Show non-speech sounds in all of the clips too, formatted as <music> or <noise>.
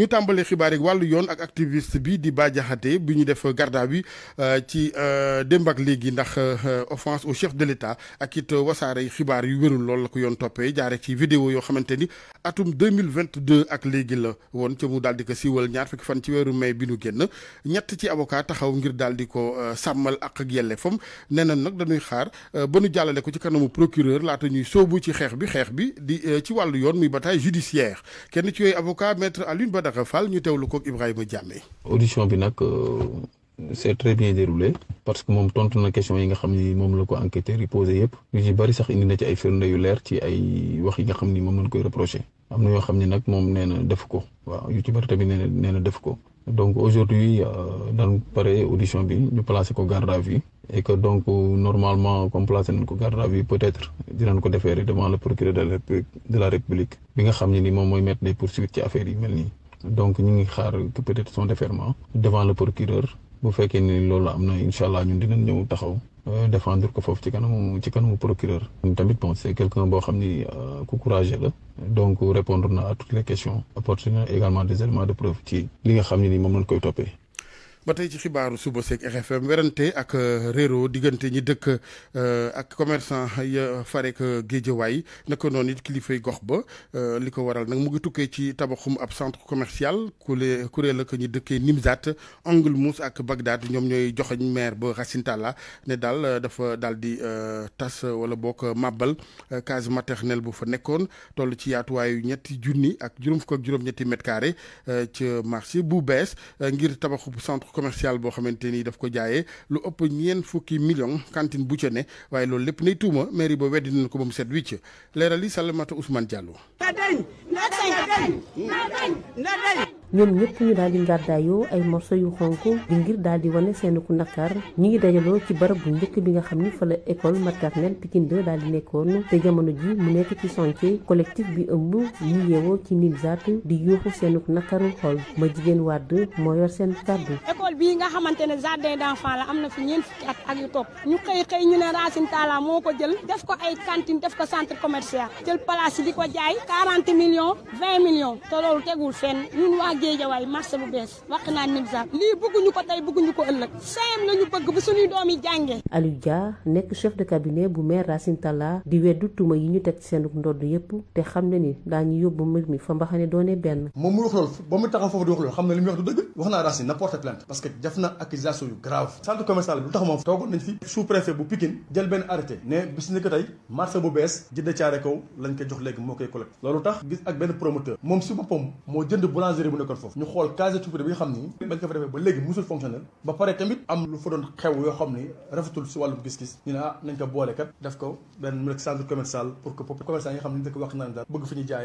ñu tàmbalee xibaar yi wàllu yoon ak activiste bi di Bah Diakhaté bi ñu def garda bi euh, ci euh, démb ak léegi ndax euh, offense au chef de l'État ak it wasaare xibaar yu wérul lool la ko yoon toppee jaare ci vidéo yoo xamante ni atum 2022 ak léegi la woon ca mu daal di ko siiwal ñaar fukki fan ci weeru mai bi nu génn ñett ci avocat taxaw ngir daal di ko sàmmal ak ak fom nee na nag dañuy xaar ba nu jàllale ko ci kanamu procureur laata ñuy soobu ci xeex bi xeex bi di ci wàllu yoon muy bataille judiciaire Mountakha Fall ñu teewlu koog Ibrahima Diamé. audition bi nag euh, c'est très bien déroulé parce que moom tontu na question yi nga xam ni moom la ko enquêteur yi posé yëpp yu ci bari sax indi na yu leer ci ay wax yi nga xam ni moom lañ koy reproché. am na yoo xam ne nag moom nee na def ko waaw yu ci bari tamit nee na nee na def ko. donc aujourd'hui euh, dañ pare audition bi ñu placé ko garde à vue et que donc euh, normalement comme placé nañ ko garde à vue peut-être dinañ ko defeere devant le procureur de la république bi nga xam ne ni moom mooy mettre des poursuites ci affaire yi mel nii donc ñu ngi xaar peut-être son déferment devant le procureur bu fekkee ni loolu am na incha allah ñun dinañ ñëw taxaw euh, défendre ko foofu ci kanamu ci kanamu procureur tamit bon c'est quelqu'un boo xam ni euh, ku courageux la donc répondre na à toutes les questions apporter également des éléments de preuve ci li nga xam ne ni moom lañ koy toppee ba tey ci xibaaru suba seek RFM werante ak euh, réero diggante ñi dëkk euh, ak commerçant ya euh, farek géejawaay naka noonu it kilifay gox ba li ko waral nag mu ngi tukkee ci tabaxum ab centre commercial kule kuréel ak ñi dëkkee Nimzat Angle Mousse ak Bagdad ñoom ñooy joxoñ maire ba Racine Talla ne daal dafa daal di tas wala bokk màbbal case maternelle bu fa nekkoon toll ci yaatuwaayu ñetti junni ak juróom fukk ak juróom-ñetti mètre carré ca marché bu bees ngir tabaxu centre commercial boo xamante ni daf ko jaayee lu ëpp ñeen fukki million cantine bu ca ne waaye loolu lépp nay tuuma mairie ba weddi nañ ko ba mu set wicc leeral yi Salamata Ousmane Diallo. na dañ na dañ na dañ na dañ ñoom ñëpp ñu daal di ay morso yu xonk di ngir daal di wane seen ku naqar ñi ngi dajaloo ci barab bu njëkk bi nga xam ni fa la école maternelle Pikine 2 daal di nekkoon te jamono ji mu nekk ci chantier collectif bi ëmb ñi yeewoo ci Nimzaat di yuuxu seen ku naqaru xol ma jigéen wàdd moo yor seen kàddu école bii nga xamante ne jardin d'enfant la am na fi ñeent fukki at ak yu topp ñu xëy xëy ñu ne Racine Talla moo ko jël def ko ay cantine def ko centre commercial jël place yi di ko jaay géejawaay marché bu bees wax naa Nimza lii bu suñuy doom yi jàngee di weddu yi ñu teg seen ndodd yépp te xam ni daañu yóbbu mbir mi fa mbaxane doone benn moom mu wax loolu ba mu na porte plainte parce que def na accusation yu grave centre commercial bi lu tax moom toogoon nañ fi sous préfet bu Pikine jël benn arrêté ne bis ni ko tey marché bu bees jënd caare kaw lañ koy jox léegi moo koy collecte loolu tax gis ak benn promoteur moom si boppam moo jënd boulangerie bu nekk école foofu ñu xool case supérieure bi nga xam ni bañ ko fa defee mu ah,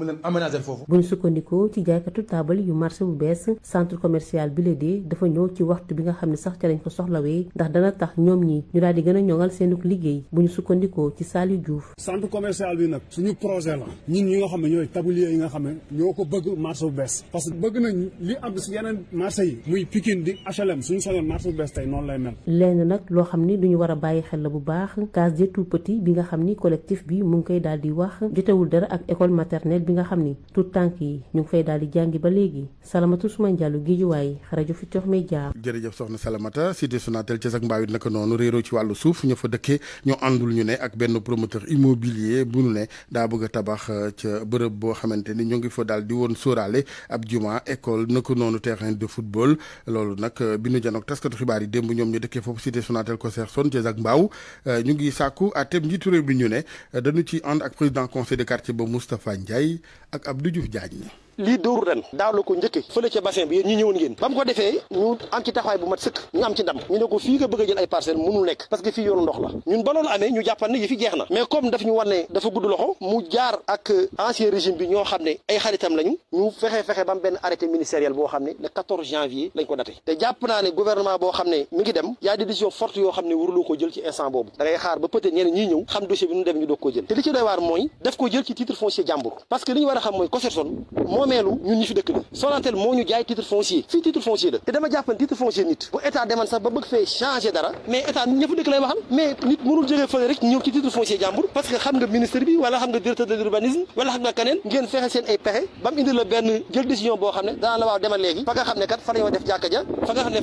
leen aménager foofu bu ñu sukkandikoo ci jaaykatu taabal yu marché bu bees centre commercial bi la dee dafa ñëw ci waxtu bi nga xam ne sax ca lañ ko soxlawee ndax dana tax ñoom ñi ñu daal di gën a ñoŋal seenuk liggéey bu ñu sukkandikoo ci Saliou Diouf centre commercial bi nag suñu projet la ñun ñi nga xam ne ñooy tablier yi ñoo ko bëgg marché bu bees parce que bëgg nañ li am si yeneen marché yi muy Pikine di HLM suñu sañoon marché bees tey noonu lay mel lenn nag loo xam ni duñu war a bàyyi xel la bu baax case des tout-petits bi nga xam ni collectif bi mu ngi koy daal di wax jotewul dara ak école maternelle bi nga xam ni tout tànk yi ñu ngi fay daal di jàngi ba léegi salamatu suma njàllu géejuwaay rajo Futurs Médias jërëjëf soxna salamata cité Sonatel ci sax mbaawit naka noonu réeroo ci wàllu suuf ña fa dëkkee ñoo àndul ñu ne ak benn promoteur immobilier bu ñu ne daa bëgg a tabax euh, ca bërëb boo xamante ni ñu ngi fa daal di woon juma école naka noonu terrain de football loolu nag euh, bi nu janook taskatu xibaar yi démb ñoom ñu dëkkee foofu cité Sonatel Cosersone ci ak Mbaaw euh, ñu ngi sàkku àtteem njiitu réew bi ñu ne euh, dañu ci ànd ak président conseil de quartier ba Moustapha Ndiaye ak Abdou Diouf Diagne. lii dóoru ren daaw ko njëkke fële ca bassin bi yéen ñi ngeen ba mu ko defee ñu am ci taxawaay bu mat sëkk ñu am ci ndam ñu ne fii nga bëgg jël ay parcelle mënul nekk parce que fii yoonu ndox la ñun ba amee ñu jàppan yi fi jeex na mais comme daf ñu war ne dafa gudd loxo mu jaar ak ancien régime bi ñoo xam ne ay xaritam lañu ñu fexe fexe ba mu benn arrêté ministériel boo xam ne le janvier lañ ko daté te jàpp naa ne gouvernement boo moomeelu ñun ñi fi dëkk la Sonatel moo ñu jaay titre foncier fii titre foncier la te dama jàpp ne titre foncier nit bu état deman sax ba bëgg fee changer dara mais état nit dëkk lay waxal mais nit mënul jógee fële rek ñëw ci titre foncier jàmbur parce que xam nga ministre bi wala xam nga directeur ngeen fexe seen ay pexe ba indi la benn jël décision boo xam ne danaa la waaw demal léegi fa nga xam ne kat fa ñu war def jàkka ja fa nga xam ne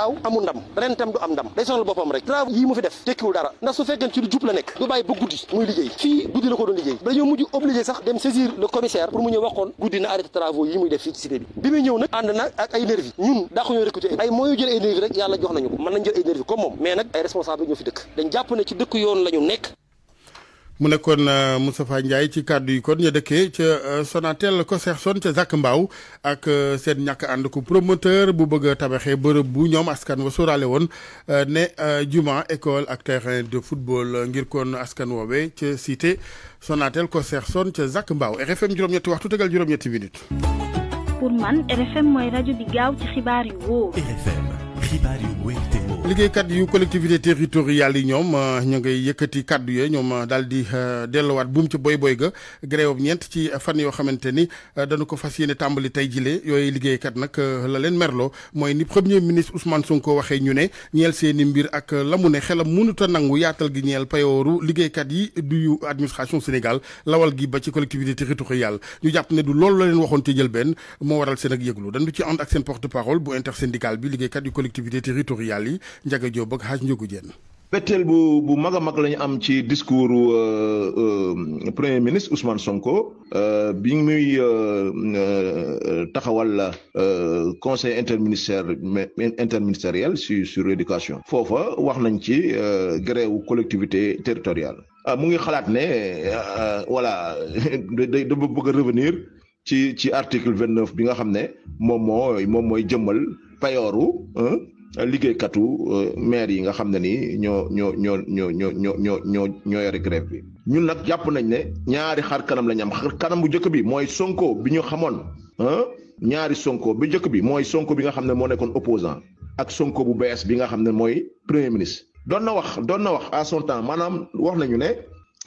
a am ndam day sonal boppam rek fekkeen ci lu jub la nekk du bàyyi ba guddi muy liggéey fii guddi la ko doon liggéey dañoo mujj obligé sax dem saisir le commissaire pour mu ñëw waxoon guddi na arrêté travaux yi muy def fii ci cité bi bi muy ñëw nag ànd na ak ay nervi ñun daa ko ñoo recruter ay mooyu jël ay rek yàlla jox nañu ko nañ jël ay comme moom mais nag ay responsable ñoo fi dëkk dañ jàpp ne ci dëkk yoon lañu nekk mu kon euh, Moustapha Ndiaye ci kàddu yi kon ñu dëkkee ca euh, Sonatel Coserson ca Zac mbaaw ak euh, seen ñàkk ànd ku promoteur bu bëgg tabaxee bërëb bu ñoom askan wa sóoraale woon ne juma école ak terrain de football ngir kon askan woowe ca cité Sonatel Coserson ca Zac Mbao RFM juróom-ñetti waxtu tegal juróom-ñetti minutes. pour man RFM mooy rajo bi gaaw ci xibaar yu wóor. liggéeykat yu collectivité territoriale yi ñoom euh, ñoo ngay yëkkati kàddu yooyu ñoom euh, daal di euh, delluwaat buum ci boy boy ga grève ñeent ci fan yoo xamante ni dañu ko fas yéene tàmbali tey jile yooyu liggéeykat nag la leen merloo mooy ni premier ministre Ousmane Sonko waxee ñu ne ñeel seeni mbir ak la mu ne xelam mënut a nangu yaatal gi ñeel payooru liggéeykat yi du administration Sénégal lawal gi ba ci collectivité territoriale ñu jàpp ne du loolu la leen waxoon te jël benn moo waral seen ak yëglu dañu ci ànd ak seen porte parole bu intersyndicale bi collectivités territoriales yi Ndiaga Diop ak Hadj Ndiogou Diène betteel bu bu mag a mag la ñu am ci discours euh, euh, premier ministre Ousmane Sonko euh, bi muy taxawal la conseil interministériel interministériel sur sur l'éducation foofa wax nañ ci grève collectivité territoriale ah, mu ngi xalaat ne voilà <laughs> da da bëgg a ci ci article vingt neuf bi nga xam ne moom moo moom mooy jëmmal payooru liggéeykatu euh, maire yi nga xam ne ni ñoo ñoo ñoo ñoo ñoo ñoo ñoo ñoo bi ñun nag jàpp nañ ne ñaari xar kanam la am xar kanam bu njëkk bi mooy Sonko bi ñu xamoon ñaari Sonko bi njëkk bi mooy Sonko bi nga xam ne moo nekkoon opposant ak Sonko bu bees bi nga xam ne mooy premier ministre doon na wax doon na wax à son temps maanaam wax nañu ne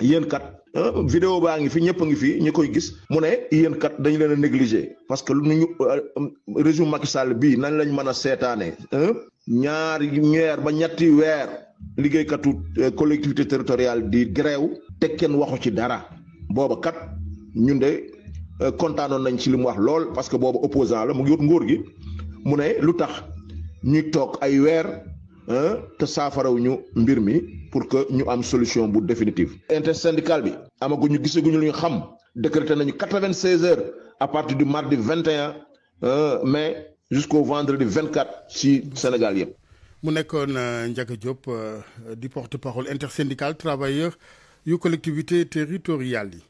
yéen kat euh, vidéo baa ngi fi ñëpp a ngi fi ñi koy gis mu ne yéen kat dañu leen a négligé parce que lu ñu euh, régime Macky Sall bii nañ lañ mën a seetaane euh, ñaari ñeer ba ñetti weer liggéeykatu collectivité territoriale di grève te kenn waxu ci dara booba kat ñun de kontaanoon nañ ci li mu wax lool parce que booba opposant la mu ngi wut nguur gi mu ne lu tax ñuy toog ay weer te saafarawuñu mbir mi pour que ñu am solution bu définitive. intersyndical bi amaguñu gisaguñu lu ñu xam décrété nañu quatre vingt seize heures à partir du mardi vingt mais un mai jusqu'au vendredi vingt quatre ci Sénégal yëpp. mu nekkoon euh, Ndiaga Diop euh, di porte-parole intersyndical travailleur yu collectivité territoriale yi.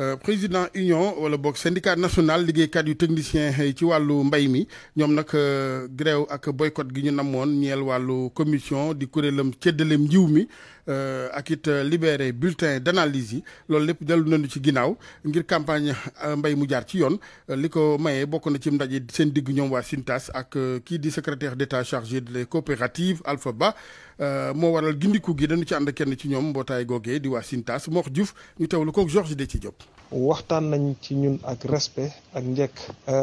Euh, président union wala boog syndicat national liggéeykat yu technicien ci wàllu mbay mi ñoom nag euh, grève ak boycott gi ñu namoon ñeel wàllu commission di kuréelam cëddalem njiw mi Euh, ak it euh, libéré bulletin d'analyse yi loolu lépp dellu nañu ci ginnaaw ngir campagne euh, mbay mu jaar ci yoon li ko mayee bokk na ci ndaje seen digg ñoom waa Sintas ak kii di secrétaire d'État chargé des coopératives Alpha Ba moo waral gindiku gi dañu ci ànd kenn ci ñoom mbootaay googee di waa Sintas Mor Diouf ñu teewlu ko Georges de ci Diop. waxtaan nañ ci ñun ak respect ak njëkk.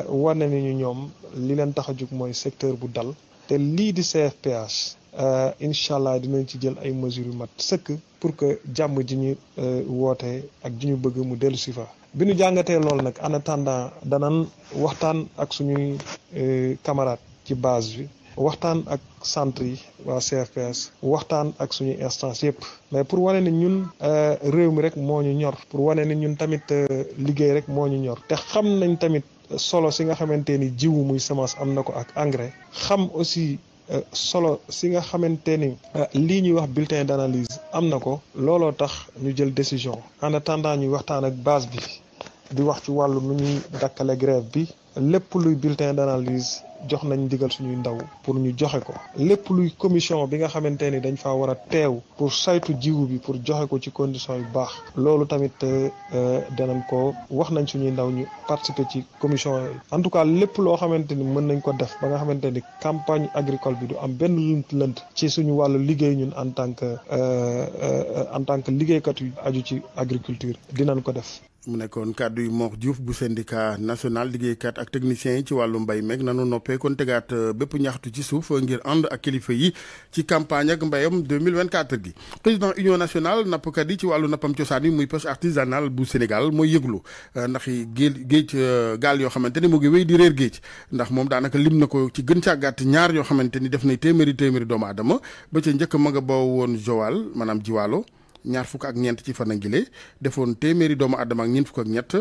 wane nañu ñoom li leen tax a jóg mooy secteur bu dal. te lii di CFPH euh, incha allah dinañ ci jël ay mesures yu mat sëkk pour que jàmm ji ñu euh, woote ak ji ñu bëgg mu dellusi fa. bi nu jàngatee loolu nag en attendant danan waxtaan ak suñuy euh, camarades ci base bi. waxtaan ak centre yi waa CFPS waxtaan ak suñu instance yëpp mais pour wane ni ñun réew mi rek moo ñu ñor pour wane ni ñun tamit liggéey rek moo ñu ñor te xam nañ tamit solo si nga xamante ni jiwu muy semence am na ko ak engrais xam aussi euh, solo si nga xamante ni euh, lii ñuy wax bulletin d'analyse am na ko looloo tax ñu jël décision en attendant ñuy waxtaan ak base bi di wax ci wàllu nu ñuy dakkale grève bi lépp luy bulletin d'analyse jox nañ ndigal suñuy ndaw pour ñu joxe ko lépp luy commission bi nga xamante ni dañ fa war a teew pour saytu jiwu bi pour joxe ko ci condition yu baax loolu tamit euh, danañ ko wax nañ suñuy ndaw ñu participer ci commission yooyu en tout cas lépp loo xamante ni mën nañ ko def ba nga xamante ni campagne agricole bi du am benn lënt lënt ci suñu wàllu liggéey ñun en tant que euh, euh, en tant que liggéeykat yu aju ci agriculture dinañ ko def mu nekkoon kàddu yu Mor Diouf bu syndicat national liggéey kat ak techniciens yi ci wàllu mbay meeg nanu noppee kon tegaat euh, bépp ñaxtu ci suuf ngir ànd ak kilifa yi ci campagne ak mbayam 2024 gi président union nationale nappkat yi ci wàllu nappam cosaan yi muy pêche artisanale bu Sénégal mooy yëglu euh, ndax géej géej euh, gaal yoo xamante ni mu ngi wéy di réer géej ndax moom daanaka lim na ko ci gën caa ñaar yoo xamante ni def nay téeméeri téeméeri doomu aadama ba ca njëkk ma nga ba woon Joal maanaam Jiwaalo ñaar fukk ak ñeent ci fan a ngile doomu aadama ak ñeent fukk ak ñett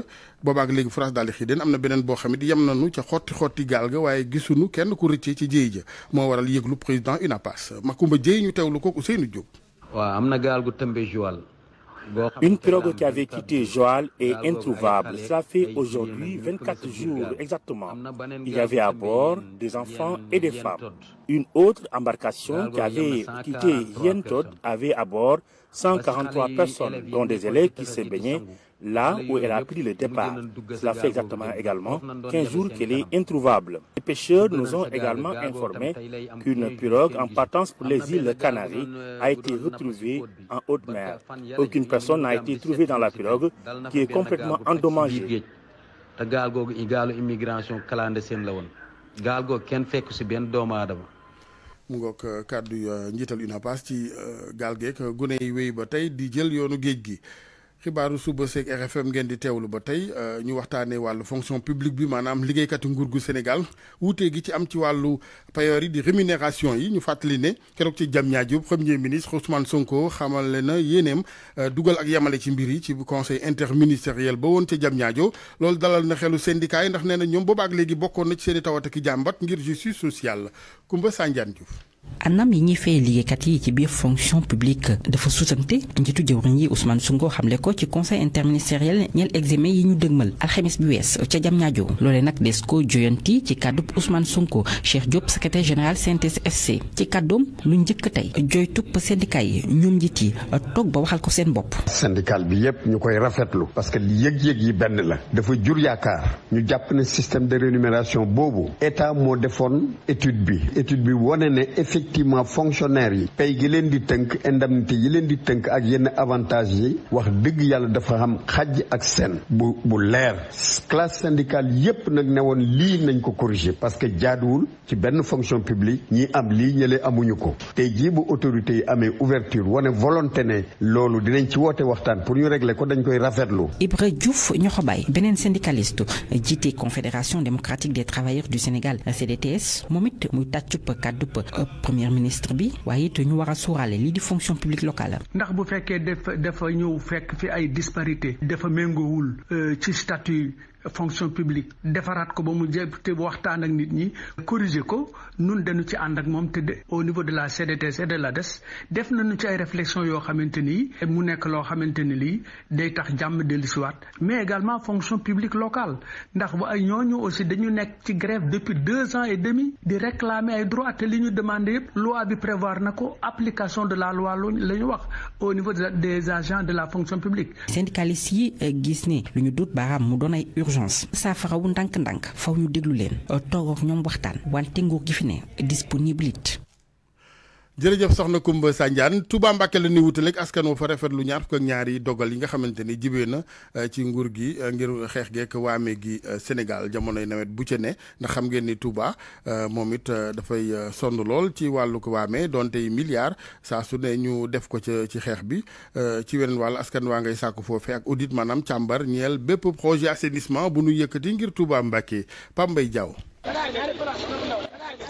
boobaak léegi France daal di xiideen am na beneen boo xam it yem nañu ca xotti xotti gaal ga waaye gisuñu kenn ku rëcce ci jéey ja moo waral yëglu président UNAPAS Makumba Jéey ñu teewlu ko Ousseynou Diop. waaw am na gaal gu tëmbee Joal. Une pirogue qui avait quitté Joal est introuvable. Cela fait aujourd'hui 24 jours exactement. Il y avait à bord des enfants et des femmes. Une autre embarcation qui avait quitté Yen à bord 143 personnes, dont des élèves qui se baignaient là où elle a pris le départ. Cela fait exactement également 15 jours qu'elle est introuvable. Les pêcheurs nous ont également informé qu'une pirogue en partance pour les îles Canaries a été retrouvée en haute mer. Aucune personne n'a été trouvée dans la pirogue qui est complètement endommagée. gaal googu la woon gaal kenn fekku ci benn doomu aadama mu ngoog euh, kàddu euh, njiital UNAPAS ci euh, gaal geeg gune yi wéy ba tey di jël yoonu géej gi. xibaaru suba seeg RFM ngeen di teewlu ba tey euh, ñu waxtaanee wàllu fonction publique bi maanaam liggéeykati nguur gu Sénégal wuute gi ci am ci wàllu payoor yi di rémunération yi ñu fàttali ne keroog ci jam ñaajo premier ministre Ousmane Sonko xamale na yeneem euh, dugal ak yamale ci mbir yi ci conseil interministériel ba woon ci jam ñaajo loolu dalal na xelu syndicat yi ndax nee na ñoom ak léegi bokkoon na ci seen ki tawat ak jàmbat ngir justice sociale Kumba Sanjaan Diouf anam yi ñuy fay liggéeykat yi ci biir fonction publique dafa suutante njiitu jëwriñ yi Ousmane Sonko xamle ko ci conseil interministériel ñeel examen yi ñu dëgmal alxames bi wees ca jam ñaajo loole nag des ko joyanti ci kàddub Ousmane Sonko Cheikh Diop secrétaire général CNTS FC ci kàddoom lu njëkk tey joytub syndicat yi ñoom njiit yi toog ba waxal ko seen bopp syndical bi yépp ñu koy rafetlu parce que yëg-yëg yi benn la dafa jur yaakaar ñu jàpp ne système de rémunération boobu état moo defoon effectivement fonctionnaire yi pay gi leen di tënk indemnité yi leen di tënk ak yenn avantage yi wax dëgg yàlla dafa xam xaj ak seen bu bu leer classe syndicale yépp nag ne woon lii nañ ko corriger parce que jaaduwul ci benn fonction publique ñii am lii ñële amuñu ko tey jii bu autorités yi amee ouverture wane volonté ne loolu dinañ ci woote waxtaan pour ñu regle ko dañ koy rafetlu Ibra Diouf Niokhobaye beneen syndicaliste jiite confédération démocratique de travailleurs du Sénégal CDTS première ministre bi waaye it ñu war a suuraale lii di fonction publique locale. ndax bu fekkee dafa dafa ñëw fekk fi ay disparité dafa méngoowul euh, ci statut fonction publique defaraat ko ba mu jëpp te waxtaan ak nit ñi corriger ko nun dañu ci ànd ak moom te de au niveau de la CDTS et de des def nañu ci ay réflexion yoo xamante ni mu nekk loo xamante ni lii day tax jàmm dellusiwaat mais également fonction publique locale ndax ba ay ñooñu aussi dañu nekk ci grève depuis deux ans et demi di réclamer ay droits te li ñu demandé yëpp loi bi prévoir na ko application de la loi la ñu wax au niveau des agents de la fonction publique syndicalistes yi euh, gis ne urgence saafara wu ndànk-ndànk faw ñu déglu leen toog ak ñoom waxtaan wante nguur gi fi ne disponible it jërëjëf soxna Koumba Sandiane Touba Mbacke la ni wutaleeg askan woo fa rafetlu ñaar fukk ñaari dogal yi nga xamante ni jibee na euh, ci nguur gi euh, ngir xeex geek waame gi euh, Sénégal jamonoy nawet bu ca ne ndax xam ngeen ni Touba moom it dafay sonn lool ci wàllu ko waame donte yi milliards saa su ne ñu def ko ca ci xeex bi ci weneen wàll askan waa ngay sàkku foofe ak audit maanaam càmbar ñeel bépp projet assainissement bu nu yëkkati ngir Touba Mbacke Pambay jaaw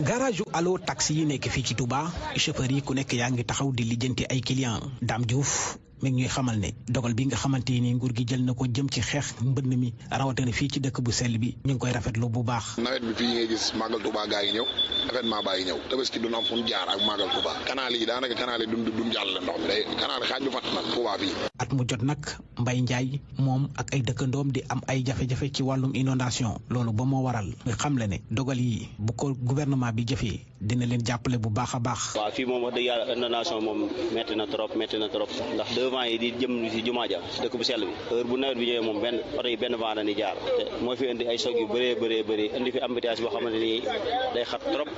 garaju allo taxi yi nekk fii ci Touba chauffeur yi ku nekk yaa ngi taxaw di lijjanti ay client Dame Diouf mi ngi ñuy xamal ne dogal bi nga xamante ni nguur gi jël na ko jëm ci xeex mbënn mi rawatina fii ci dëkk bu sell bi ñu ngi koy rafetlu bu baax. nawet bi fii ngay gis màggal Tuubaa gaa yi ñëw événement baa yi ñëw tabaski du am fu mu jaar ak màggal Tuubaa kanaal yi daanaka kanaal yi dum dum jàll la ndox mi day kanaal xaaj bu fatt nag Tuubaa fii. at mu jot nag Mbaye Ndiaye moom ak ay dëkkandoom di am ay jafe-jafe ci wàllum inondation loolu ba moo waral nga xam la ne dogal yi bu ko gouvernement bi jëfee dina leen jàppale bu baax a baax. waaw fii moom wax dëgg yàlla inondation moom métti na trop métti na trop ndax deux vents yi di jëm si jumaa ja dëkk bu sell bi heure bu nawet bi ñëwee moom benn oto yi benn vent la ni jaar te moo fi indi ay soog yu bëree bëree bëri indi fi embouteillage boo xamante ni day xat trop.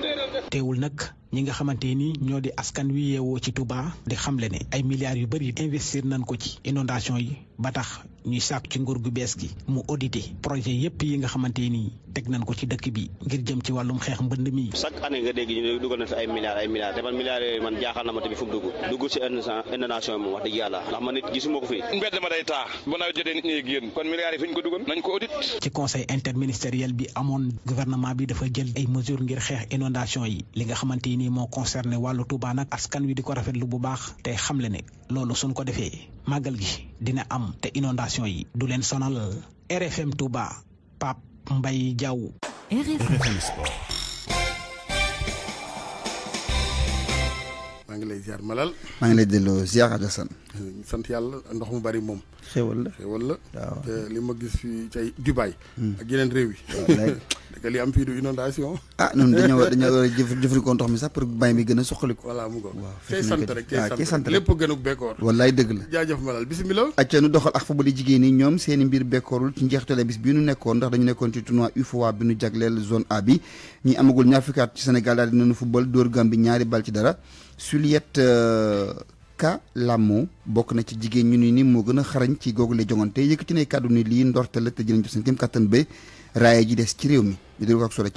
teewul nag ñi nga xamante nii ñoo di askan wi yeewoo ci Touba di xamle ni ay milliards yu bëri investir nañ ko ci inondation yi ba tax ñuy sàkk ci nguur gu bees gi mu audité projet yépp yi nga xamante nii teg nañ ko ci dëkk bi ngir jëm ci wàllum xeex mbënd mi chaque année nga dégg ñu dugal na fi ay milliards ay milliards te man milliards yooyu man jaaxal na ma tamit fu mu dugg dugg si inondation moom wax dëgg yàlla ndax ma nit gisuma ko fii mbedd ma day taa bu nawet jotee nit ñi génn kon milliards yi fi ñu ko dugal nañ ko audit ci conseil interministériel bi amoon gouvernement bi dafa jël ay mesures ngir xeex inondation yi li nga xamante nii moo concerné wàllu Touba nag askan wi di ko rafetlu bu baax te xam le ne loolu suñ ko defee màggal gi dina am te inondation information yi du leen sonal RFM Touba Pape mbay Diaw RFM Sport maa ngi lay ziar Malal maa ngi lay delloo ziar Alassane sant yàlla ndox mu bari moom xewal la xewal la li ma gis fii ci ay hmm. ak yeneen réew yi <laughs> que li am fii du inondation ah ñun dañoo war dañoo war a jëf jëfandikoo ndox mi sax pour mbay mi gën a soqaliku voilà mu ko waaw tey sant rek ah, tey sant rek lépp gënu bekkoor wallaay dëgg la jaajëf malal bisimilah acca nu doxal ak football jigéen yi ñoom seen i mbir bekkoorul ci njeexitale bis bi ñu nekkoon ndax dañu nekkoon ci tournoi UFOA bi ñu jagleel zone A bi ñi amagul ñaar fukki at ci Sénégal daal dinañu football dóor Gambie ñaari bal ci dara Juliette euh, Ka Lamo bokk na ci jigéen ñu ni ni moo gën a xarañ ci googu lay jongante yëkkati nay kàddu ni lii ndorte la te jënañ jox seen kéem kattan ba raaya ji des ci réew mi ñu déglu ko ak Soro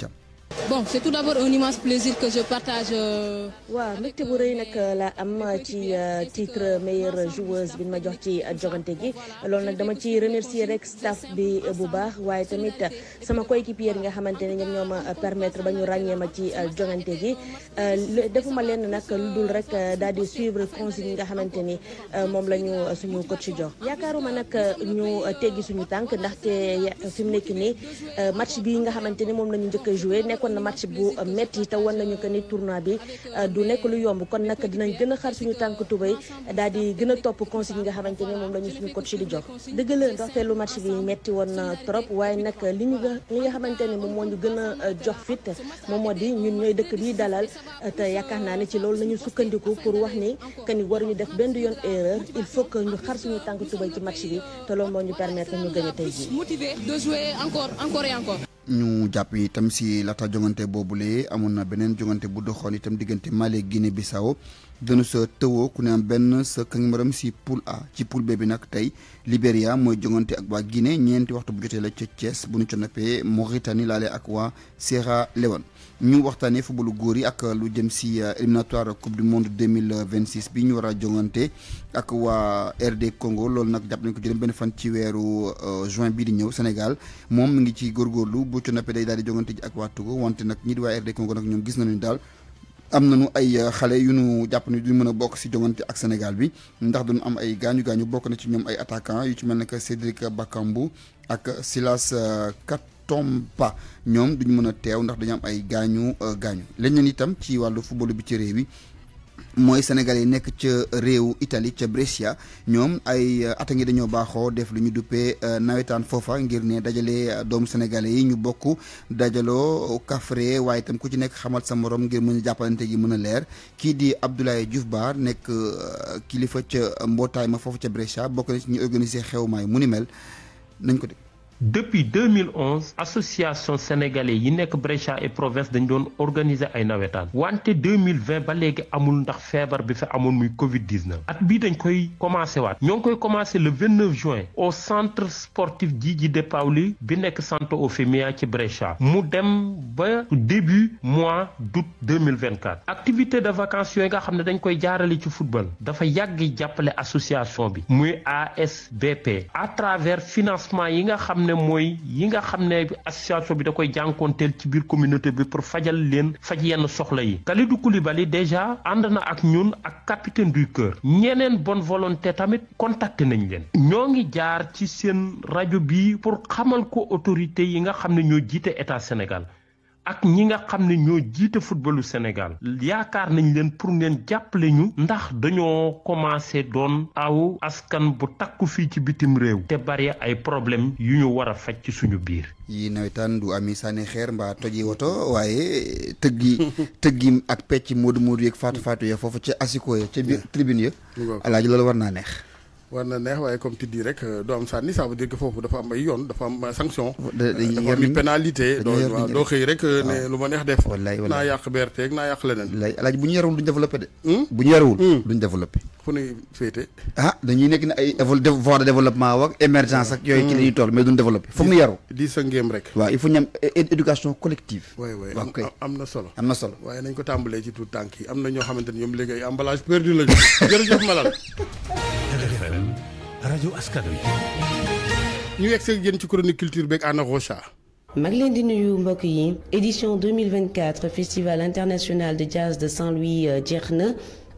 bon c'est tout d'abord un immense plaisir que je partage. Euh, waaw mbégte euh, bu rëy nag la am ci euh, titre meilleure joueuse bi ma jox ci joxante gi loolu nag dama ci remercier rek staff bi bu baax waaye tamit sama coéquipier yi nga xamante ne ñoom ma permettre ba ñu ràññee ma ci jogante gi defuma leen nag lu dul rek daal di suivre consigne yi nga xamante ni moom la ñu suñu coach jox. yaakaaruma nag ñu teggi suñu tànk ndaxte fi mu nekk nii match bi nga xamante ni moom la ñu njëkk a kon na match bu euh, métti te wan nañu que ni tournoi bi euh, du nekk lu yomb kon nag dinañ gën a xar suñu tànk tubay daal di gën a topp consigne yi nga xamante ne moom la ñu suñu coach di jox dëgg la ndoxteelu match bi métti woon na trop waaye nag li ñu li nga xamante ne moom moo ñu gën euh, jox fit moom moo di ñun ñooy dëkk bi dalal te yaakaar naa ne ci loolu lañu sukkandiku pour wax ni que ni waruñu def benn yoon erreur il faut que ñu xar suñu tànk tubay ci match bi te loolu moo ñu permettre ñu gën a tey jii ñu jàpp itam si laata jongante boobule amoon na beneen jongante bu doxoon itam diggante Mali Guinée Bissau dana sa tëwoo ku ne am benn sa ka ngi maram si poule A ci poule B bi nag tey Libéria mooy jongante ak waa Guinée ñeenti waxtu bu jotee la ca Thiès bu ñu ca noppee Mauritanie laale ak waa Sierra Leone ñu waxtaanee footballu góor yi ak lu jëm si euh, éliminatoire coupe du monde 2026 bi ñu war a jongante ak waa RD Congo loolu nag jàpp nañ ko juróom benn fan ci weeru euh, juin bi di ñëw senegal moom mi ngi ci góorgóorlu bu ca noppee day daal di jongante ji ak waa Togo wante nag ñi waa RD Congo ñoom gis nañu daal am na nañu ay euh, xale yu ñu jàpp ne duñ mën a bokk si jongante ak Sénégal bi ndax dañu am ay gaañu gaañu bokk na ci ñoom ay attaquant yu ci mel ne que Cédric Bakambu ak Silas euh, Katompa ñoom duñ mën a teew ndax dañu am ay gaañu euh, gaañu. leneen itam ci wàllu football bi ci réew yi mooy sénégalais yi nekk ca réew itali ca Brescia ñoom ay uh, at ngi dañoo baaxoo def lu ñu duppee uh, nawetaan foofa ngir ne dajalee uh, doomu sénégalais yi ñu bokk dajaloo kafre waaye itam ku ci nekk xamal sa morom ngir mën a jàppalante gi mën a leer kii di Abdoulaye Diouf Baar nekk kilifa ca mbootaay ma foofu ca Brescia bokk na ci ñu organiser xew maay mu ni mel nañ ko dégg depuis 2011 association sénégalais yi nekk Brescia et province dañ doon organiser ay nawetaan wante 2020 ba léegi amul ndax feebar bi fi amoon muy Covid 19 at bii dañ koy commencé waat ñoo ngi koy commencé le 29 juin au centre sportif ji De Paoli bi nekk Santo Eufemia ci Brescia mu dem ba début mois d'août 2024 activité de vacances yooyu nga xam ne dañ koy jaarale ci football dafa yàgg jàppale association bi muy ASBP à travers financement yi nga xam xam ne mooy yi nga xam ne association bi da koy jànkoonteel ci biir communauté bi pour fajal leen faj yenn soxla yi Kalidou Koulibaly déjà ànd na ak ñun ak capitaine du cœur ñeneen bonne volonté tamit contacté nañ leen ñoo ngi jaar ci seen rajo bi pour xamal ko autorité yi nga xam ne ñoo jiite état Sénégal ak ñi nga xam ne ñoo jiite footballu Sénégal yaakaar nañ leen pour ngeen jàppale ñu ndax dañoo commencé doon aw askan bu takku fii ci bitim réew te bari ay problème yu ñu war a faj ci suñu biir. yi nawetaan du ami sànni xeer mbaa toji woto waaye tëggi <laughs> tëggi ak pecc moodu moodu yeeg faatu faatu ya foofu ca asiko ya ca biir hmm. tribune ya alaaji loolu war naa neex. war na neex waaye comme tu dis rek euh, doo am sànni ça veut dire que foofu dafa am ay yoon dafa am euh, sanction. Euh, dafa am pénalité doo doo xëy rek ne lu ma neex def. wallaay naa yàq BRT naa yàq leneen. wallaay alaaj bu ñu yarul duñ développé de. Hmm? bu ñu yarul. Hmm. duñ développé. fu ñuy féete. ah dañuy nekk ne ay voie de développement wak émergence ak yooyu ki la ñuy hmm. toll mais duñ développé foog ñu yaru. di sa ngéem rek. waaw il faut ñu am éducation collective. waay waay am na solo. am na solo waaye nañ ko tàmbalee ci tout tànk yi am na ñoo xamante ne ñoom léegi ay emballage perdu la ñu <laughs> jërëjëf Malal rajo askan wi. ñu yegg seeg yéen mag leen di nuyu mbokk yi édition 2024 festival international de jazz de Saint-Louis euh, jeex na.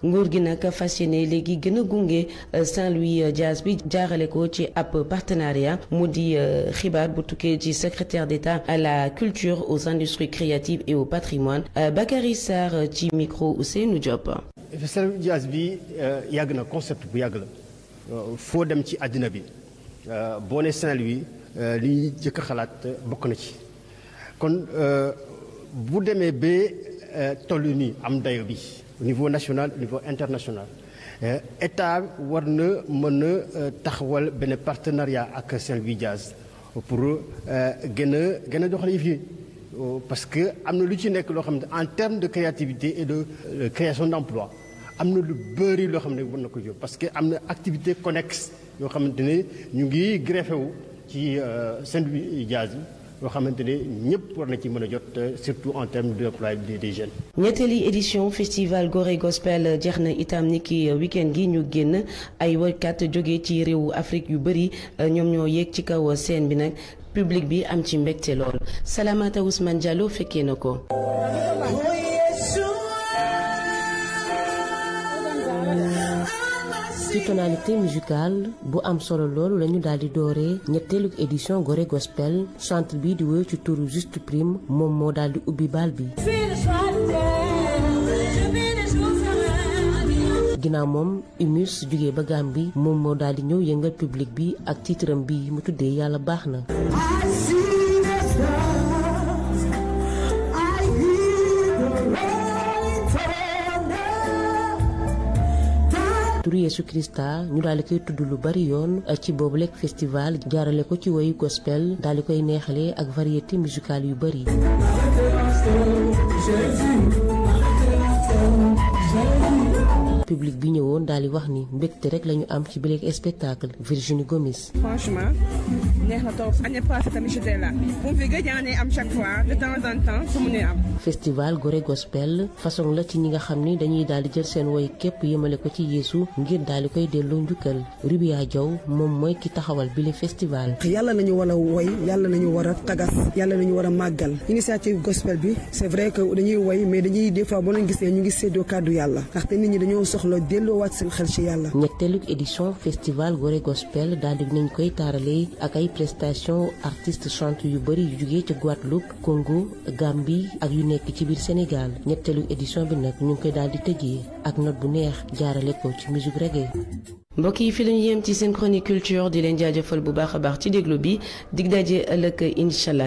nguur gi nag fas yéene léegi gën a gunge euh, Saint-Louis euh, Jazz bi jaarale ko ci ab partenariat mu di xibaar bu tukkee ci secrétaire d'État à la culture aux industries créatives et au patrimoine Bakary Sarr ci micro Ousseynou Diop. Saint-Louis Jazz bi yàgg na concept bu yàgg la. Euh, foo dem ci àddina bi euh, boo ne Saint-Louis euh, li jëkk a xalaat bokk na ci kon bu demee ba tollu nii am dayo bi au niveau national au niveau international état war na mën a taxawal beneen partenariat ak Saint-Louis Jazz pour gën a gën a doxal yëf yi parce que am na lu ci nekk loo xam ne en terme de créativité et de création d'emploi am na lu bëri loo xam ne mën na ko jóg parce que am na activité connexe yoo xamante ne ñu ngi greffé wu ci euh, Saint-Louis Diaz yoo xamante ne ñëpp war na ci mën a jot euh, surtout en termes d'employabilité des jeunes. ñetteeli édition festival Gorée Gospel euh, jeex na itam ni ki week-end gi ñu génn ay woykat jóge ci réewu Afrique yu bëri ñoom ñoo yëg ci kaw seen bi nag public bi am ci mbégte lool Salamata Ousmane Diallo fekkee na ko. ci tonalité musicale bu am solo loolu la ñu daal di dooree ñetteelu édition Gorée Gospel centre bi di wéy ci turu Juste Prime moom moo daal ubbi baal bi. ginnaaw moom humus jóge ba bi moom moo daal di ñëw yëngal public bi ak titram bi mu tuddee yàlla baax na. turu Yeesu Krista ñu daal di koy tudd lu bari yoon eh, ci boobu lekk festival jaarale ko ci woyu gospel daal di koy neexale ak variété musicale yu bari. public bi ñëwoon daal di wax ni mbégte rek la ñu am ci bileeg spectacle Virginie Gomis. franchement neex na trop am chaque fois de temps en festival Gorée Gospel façon la ci ñi nga xam ni dañuy daal di jël seen woy képp yëmale ko ci Yeesu ngir daal di koy delloo njukkal Rubia jow moom mooy ki taxawal bile festival. yàlla nañu war a woy yàlla nañu war a tagas yàlla nañu war a màggal initiative gospel bi c'est vrai que dañuy woy mais dañuy des fois gisee ñu ngi séddoo kàddu yàlla ndaxte nit ñi dañoo soxla soxla delloowaat seen xel ci yàlla. ñetteelu édition festival Gorée Gospel daal di nañ koy taarale ak ay prestation artiste chante yu bëri yu jugee ci Guadeloupe Congo Gambie ak yu nekk ci biir Sénégal ñetteelu édition bi nag ñu ngi koy daal di tëjee ak note bu neex jaarale ko ci musique reggae. mbokk yi fi lañu yem ci seen chronique culture di leen jaajëfal bu baax a baax ci déglu bi dig daje ëllëg incha allah